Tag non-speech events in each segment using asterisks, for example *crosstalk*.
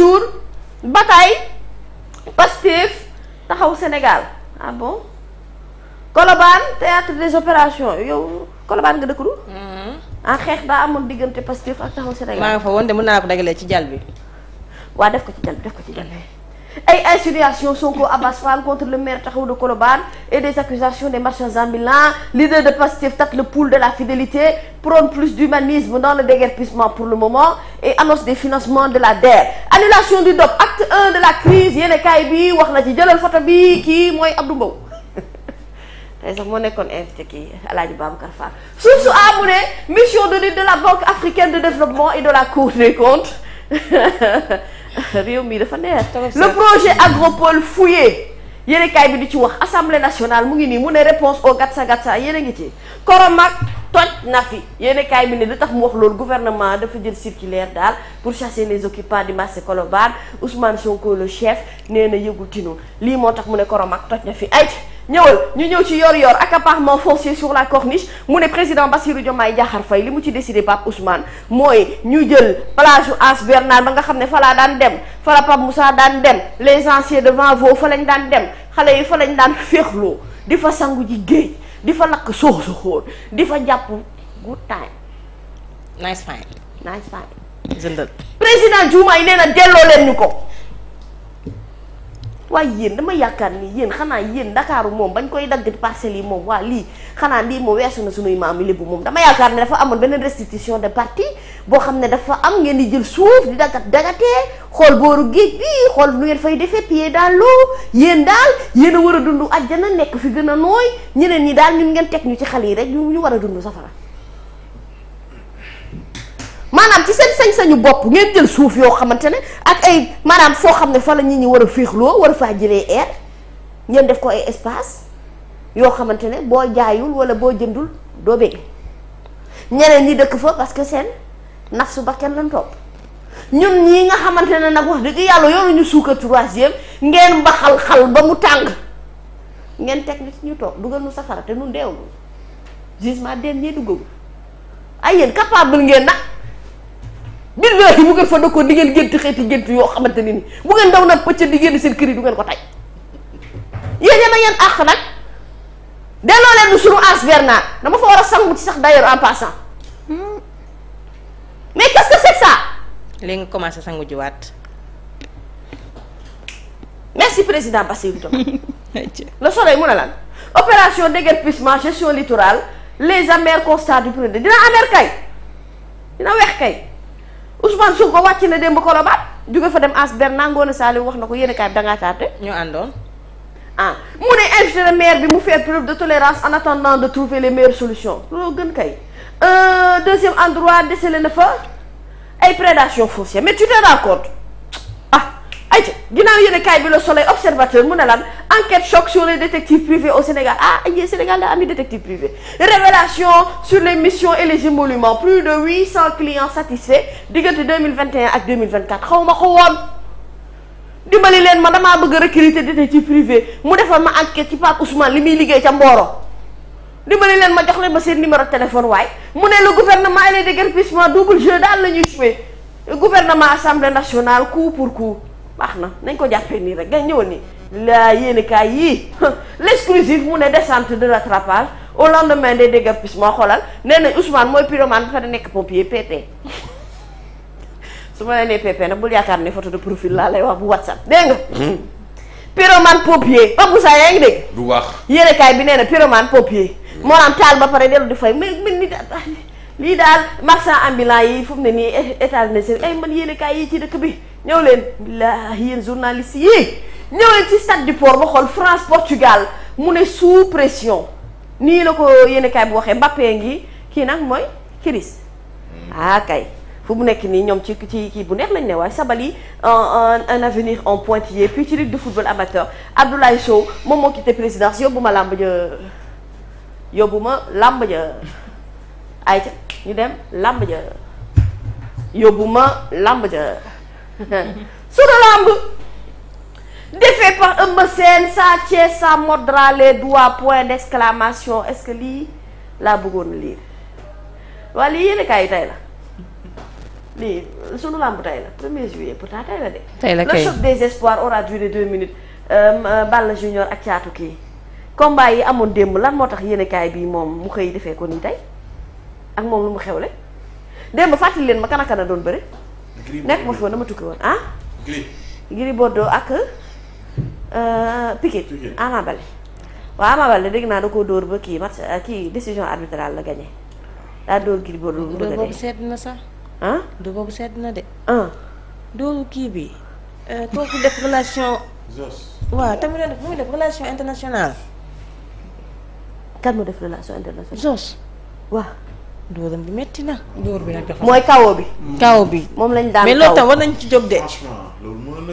toujours bataille Pastef taxaw Sénégal ah bon Colobane théâtre des opérations yow Colobane nga dëkkuru hmm. ah xeex daa amoon diggante Pastef ak taxaw Sénégal maa nga fa woon de mën naa ko dagalee ci jal bi waa def ko ci jal bi def ko ci jal bi ay insinuations Sonko Abass Fall contre le maire Taxawu de Colobane et des accusations des marchands ambulants leader de Pastef tâte le pouls de la fidélité prône plus d'humanisme dans le déguerpissement pour le moment et annonce des financements de la DER annulation du DOP acte 1 de la crise yéen kaay bi wax na ci jëlal photo bi kii mooy Abdou Mbow *laughs* tey sax moo nekkoon invité kii a mu ne mission d'audit de la Banque africaine de développement et de la Cour des *laughs* réew mi dafa neex le projet agropole fuye yéene kaay bi di ci wax assemblée nationale mu ngi nii mu ne réponse au gatsa gatsa yéen a ngi ci Koromack toj na fi yéene kaay bi ne li tax mu wax loolu gouvernement dafa jël circulaire daal pour chasser les occupants du marché Colobane Ousmane Sonko le chef nee na yëgul tinu lii moo tax mu ne Koromack toj na fi ay ñëwal ñu ñëw ci yor-yor accaparement foncier sur la corniche mu ne président Bassirou Diomaye Diakhar Faye li mu ci décidé Pape Ousmane mooy ñu jël plage Anse Bernard ba nga xam ne falaa daan dem fa la Pape Moussa daan dem les de devant vous fa lañ daan dem xale yi fa lañ daan féexloo di fa sangu ji di fa lakk soox xool di fa jàpp good time. nice fine. nice fine. jëndal président Diomaye nee na delloo leen ñu ko. waaye yéen dama yaakaar ni yéen xanaa yéen ndakaaru moom bañ koy dagg parcelles yi moom waa lii xanaa lii moom weesu na sunuy maam lébu moom dama yaakaar ne dafa amoon beneen restitution de partie boo xam ne dafa am ngeen di jël suuf di dagat dagatee xool booru géej bi xool nu ngeen fay defee pied dans l'eau yéen daal yéen a war a dund àjjana nekk fi gën a nooy ñeneen ñi daal ñun ngeen teg ñu ci xal yi rek ñu ñu war a dund safara maanaam ci seen sañ-sañu bopp ngeen jël suuf yoo xamante ne ak ay maanaam foo xam ne fa la nit ñi war a féexloo war a faa jëlee air ngeen def ko ay espace yoo xamante ne boo jaayul wala boo jëndul doo bëgg ñeneen ñi dëkk fa parce que seen nafsu ba kenn lañ topp ñun ñii nga xamante ne nag wax dëgg yàlla ñu suukar troisième ngeen baxal xal ba mu tàng ngeen teg na ci ñu toog dugal nu safara te nun deewul jugement dernier duggagul ay yéen capable ngeen nag billahi bu ngeen fa dëkkoon di ngeen gént xeeti gént yoo xamante ni ni bu ngeen daw nag pëcc di génn seen kër du ngeen ko tey yéen ña ngeen àq nag delloo leen nu sunu as dama fa war a sangu ci sax d'ailleurs en passant mais qu'est-ce que c'est que ça. léegi commencé sangu jiwaat. merci président Bassirou Diomaye *laughs* le soleil mu ne lan opération déguerpissement gestion littorale les amers constats du président dina amer kay dina weex kay. Ousmane Sonko wàcc na démb Colobane jóge fa dem As Berna Ngoone Saliou wax na ko yéen a kaay dangaa tardé. ñu àndoon. ah mu ne invité maire bi mu fait preuve de tolérance en attendant de trouver les meilleures solutions loolu gën kay. Euh, deuxième endroit décelé na fa ay prédation foncière mais tu te rends ay ci ginnaaw yéen kaay bi Le Soleil observateur mu ne lan enquête choc sur les détectives privés au Sénégal ah yéen Sénégal daa am i détectives privés révélation sur les missions et les plus de 800 clients satisfaits diggante ak 2024 ko woon dimbali leen ma damaa bëgg recruter détective privé mu defal ma enquête ci Pape Ousmane li muy liggéey ca Mboro dimbali leen ma jox leen ma seen numéro téléphone waaye mu ne le gouvernement et les déguerpissements double jeu daal la ñuy joué gouvernement assemblée nationale baax na nañ ko jàppee nii rek nga ñëwal nii la yéenekaay yii l'exclusif mu ne descente de la rattrapage au lendemain des déguerpissements xoolal nee nañ Ousmane mooy pyromane dafa nekk pompier PP su ma la nee PP nag bul yaakaar ne photo de profil laa lay wax bu WhatsApp dégg nga pyromane pompier Pape oh, Moussa yaa ngi dégg bu baax yéenekaay bi nee na pyromane pompier moo am taal ba pare dellu di fay mais mais lii daal marchand ambulant yi fu ne nii état ne seen ay man yéenekaay yii ci dëkk bi ñëw leen billaahi yéen journaliste yii ñëw ci stade du port ba xool France Portugal mu ne sous pression nii la ko yéen bu waxee Mbappé ngi kii nag mooy Kiris ah kay fu mu nekk nii ñoom ci ci kii bu neex lañ ne waaye Sabali un avenir en pointillé puis ci ligue de football amateur Abdoulaye Sow moom moo quitté présidence yóbbu ma làmb ja yóbbu ma làmb ja ay ca ñu dem làmb ja yóbbu làmb ja *laughs* sunu làmb defee par Eumeu Sène Sa Thiès ça mordra les point d'exclamation est-ce que lii laa bëggoon lii waaye lii yéen kaay yi tey la lii sunu làmb tey la premier juillet pourtant tey la de. tey la kay le choc des espoirs aura duré deux minutes euh, euh, Balla Junior ak caatu kii combat yi amoon démb lan moo tax yéen bii moom mu xëy defee ko nii tey ak moom lu mu xewle démb fàttali leen ma kan doon bëre. nekk ma foofu dama tukki woon ah. Gris Bordeaux ak Piquet. Euh, Piquet Ama Baldé waaw Ama dégg naa da koo dóor ba kii match euh, kii décision arbitrale la gagné daa dóor Gris Bordeaux bu mu sedd na sax. ah du boobu sedd na de. ah dóoru kii bi. Euh, kooku def relation. Zos waaw tamit nag muy def relation internationale. kan mu def relation internationale. Zos waaw. dóoram bi metti na. dóor bi nag dafa mooy kawo bi. Mm. kawo bi moom lañ daan kaw mais loolu tam war nañ ci jóg de. Ah,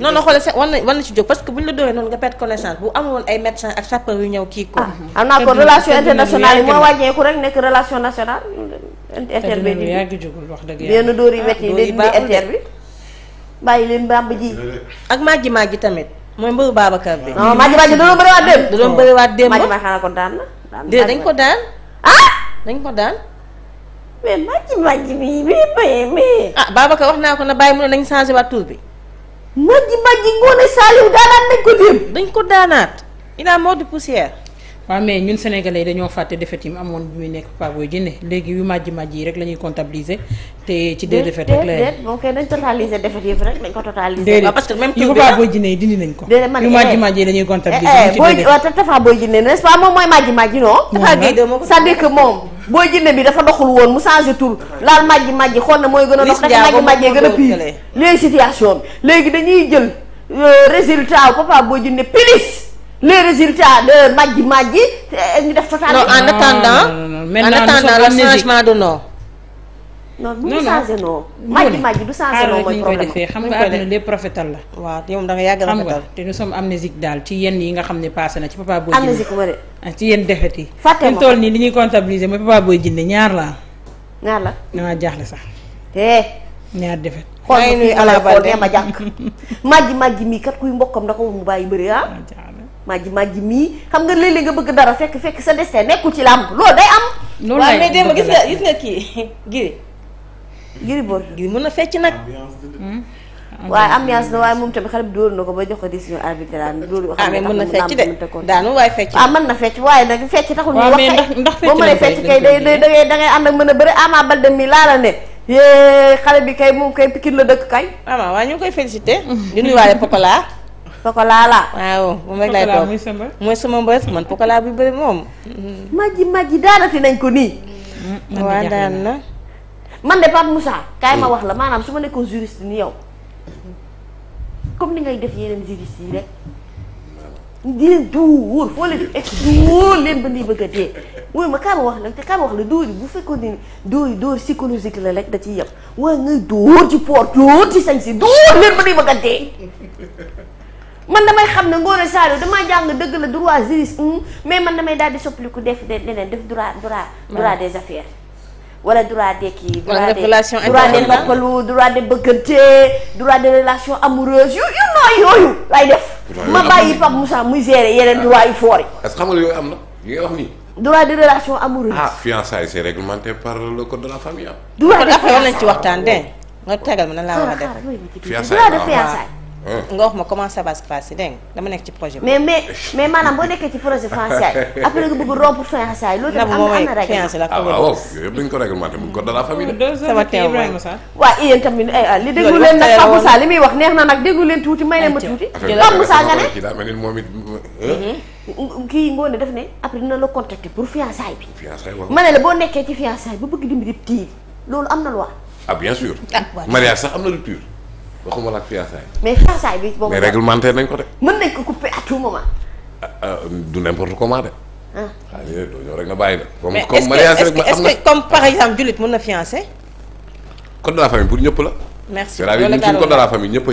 non non xoolal sax war na war na ci jóg parce que buñ la dóoree noonu nga perte connaissance bu amoon ay médecins ak sapeurs yu ñëw kii ko. Ah, am naa ko relation internationale yi moo wàññeeku rek nekk relation nationale. inter bi yaa ngi jógul wax dëgg yàlla yenn dóor yu ah, métti yi dañuy indi inter bi. bàyyi leen bàmb ji. ak màggi màggi tamit mooy mbëru Babacar bi. non màggi màggi da doon bëriwaat démb. da doon bëriwaat démb màggi màggi xanaa ko daan na. daan dañ ko daan ah dañ ko daan mais màcc màcc bi bi bayee mais. Ah, wax naa ko na bàyyi mu ne nañ changé waat tur bi. màcc màcc ngoone Saliou daanaat nañ ko démb. dañ ko daanaat. il a mort de poussière. waaw mais ñun sénégalais dañoo fàtte défaite yi mu amoon bi muy nekk Papa Boy Djiné léegi yu màjji màjji yi rek la ñuy te ci deux défaites rek la parce que même yu Papa Boy Djiné yi dindi nañ ko yu màjji màjji eh, yi la ñuy comptabiliser eh, bi dafa doxul woon mu changé tour laal màjji màjji xool na mooy gën a dox rek màjji màjji gën a pire léegi situation bi léegi dañuy jël euh, résultat Papa Boy Djiné pilis les résultats de Madji Madji eh, ñu def total. non en attendant en attendant le changement de nom. non du changé noo. Madji ah, Madji du changé noo mooy problème am xam nga àdduna lépp rafetal la. waaw yow da nga yàgg rafetal te nous sommes amnésiques daal ci yenn yi nga xam ne passé na ci papa Boy Djiné. amnésique ma de. Ah, ci yenn défaite yi. fàtte ma tool nii li ñuy comptabiliser mooy papa Boy Djiné ñaar laa. ñaar la damaa jaaxle sax. te. Eh. ñaar défaite. xool ma fi ma la xool nee ma jàkk. Madji Madji mii kat kuy mbokkam da ko mu bàyyi bëri ah. majji majji mii xam nga léeg-léeg nga bëgg dara fekk fekk sa destin nekku ci làmb loolu day am. loolu lay mais démb gis nga gis nga kii Giri. Giri boor Giri nag. Hmm? Hmm. waaye ambiance la waaye moom tamit xale bi dóor na ko ba jox ko décision arbitrale loolu. Ah, na fecc de daanu waaye fecc. ah mën waaye nag fecc taxul ñu wax kay ndax fecc boo mënee fecc kay day day dangay dangay ànd ak mën a bari Ama Baldé mi laa la ne. yee xale bi kay moom kay Pikine la dëkk kay. waaw waaw ñu ngi koy félicité. di nuyuwaale Pokola. Pokola la. mooy sama mbës man Pokola bi mag yi Madji Madji daanati nañ ko nii. Mm, waaw daan na. man de Pape Moussa kaay ma mm. wax la maanaam su ma nekkoon juriste ni yow comme ngay def yeneen juriste yi rek di leen foo leen expliqué leen ba nii bëgg dee mooy ma kaay wax la te yi bu fekkoon ne dóor yi dóor psychologique la rek da ciy yem waaye ngay dóor ci port dóor ci sañ si dóor leen ba nii bëgg dee. man damay xam ne Ngor Saliou damaa jàng dëgg la droit juriste hmm, mais man damay daal di soppaliku def leneen def droit droit droit des affaires wala droit des kii droit des relations droit des noppalu droit des bëggante droit des relations amoureuses yu yu nooy yooyu lay def ma bàyyi Pape Moussa muy gérer yeneen droit yu foor yi parce ah, que xam yooyu am na yi nga wax de relation amoureuse. ah fiançailles c'est réglementé par le de la famille. droit de fiançailles lañ ci waxtaan de nga tegal ma nan laa war a ah, def. Ah, fiançailles droit nga wax ma comment ça va se dama nekk ci projet mais mais mais maanaam boo nekkee ci projet fiançailles *laughs* après nga bëgg ah, ko réglementé bu code de la famille eh, ah, wax neex na nag déglu leen tuuti may ma tuuti Pape Moussa nga ne daa mel ni eh? mm-hmm. bi fiançailles ma ne la boo nekkee ci fiançailles ba bëgg dimbali tiir loolu am na loi ah bien sûr ah, mariage sax am na rupture waxuma la ak fiançaay. mais fiançaay bi boobu. mais réglementé nañ ko de. mën nañ ko couper à tout moment. Ah, ah, du n'importe comment de. ah xaaral doo na bàyyi na. comme comme mariage rek ma am na est-ce que comme par exemple jullit mën a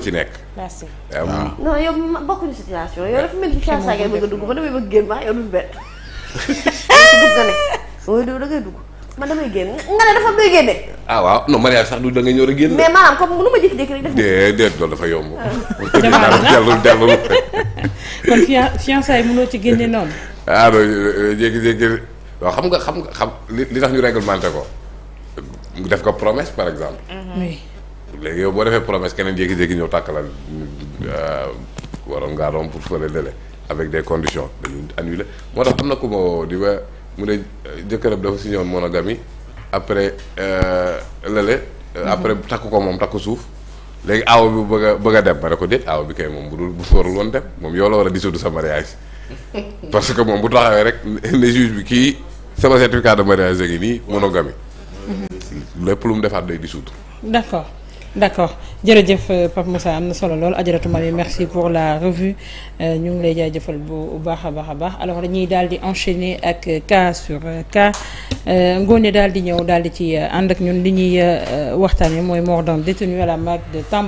ci nekk. merci ah. a *laughs* dugg da ngay dugg man damay génn nga ne dafa bëgg génne. ah waaw non mariage sax du da nga ñëw génn. mais maanaam comme ma jékki-jékki rek def. déedéet loolu dafa yomb. Ah. damaa la dellul dellul. *laughs* kon fian fiançailles mënoo ci génne noonu. ah non jékki-jékki waaw xam nga xam nga xam li tax ñu réglementé ko def ko promesse par exemple. Mhm. oui. léegi yow boo defee promesse keneen jékki-jékki ñëw tàkk la euh, waroon ngaa doon pour fële lële avec des conditions dañu annulé moo tax am na ku ma di ba mu ne euh, jëkkëram dafa signé woon monogamie après euh, lële euh, après takk ko moom takk suuf léegi aaw bi bëgg a bëgg a dem ma ne ko déet aaw bi kay moom bu dul bu warul woon dem moom yow la war a dissoudre sa mariage *laughs* parce que moom bu taxawee rek ne juge bi kii sama certificat de mariage a ngi nii monogamie lépp lu mu defaat day dissoudre d'accord d'accord jërëjëf euh, Pape Moussa am na solo lool ajaratu Mami merci pour la revue euh, ñu ngi lay jëfal bu baax a baax a baax alors dañuy daal di enchaîner ak cas euh, sur cas ngoone daal di ñëw daal di ci ànd ak ñun li ñuy waxtaanee mooy mort d'un détenu à la Mac de Tamba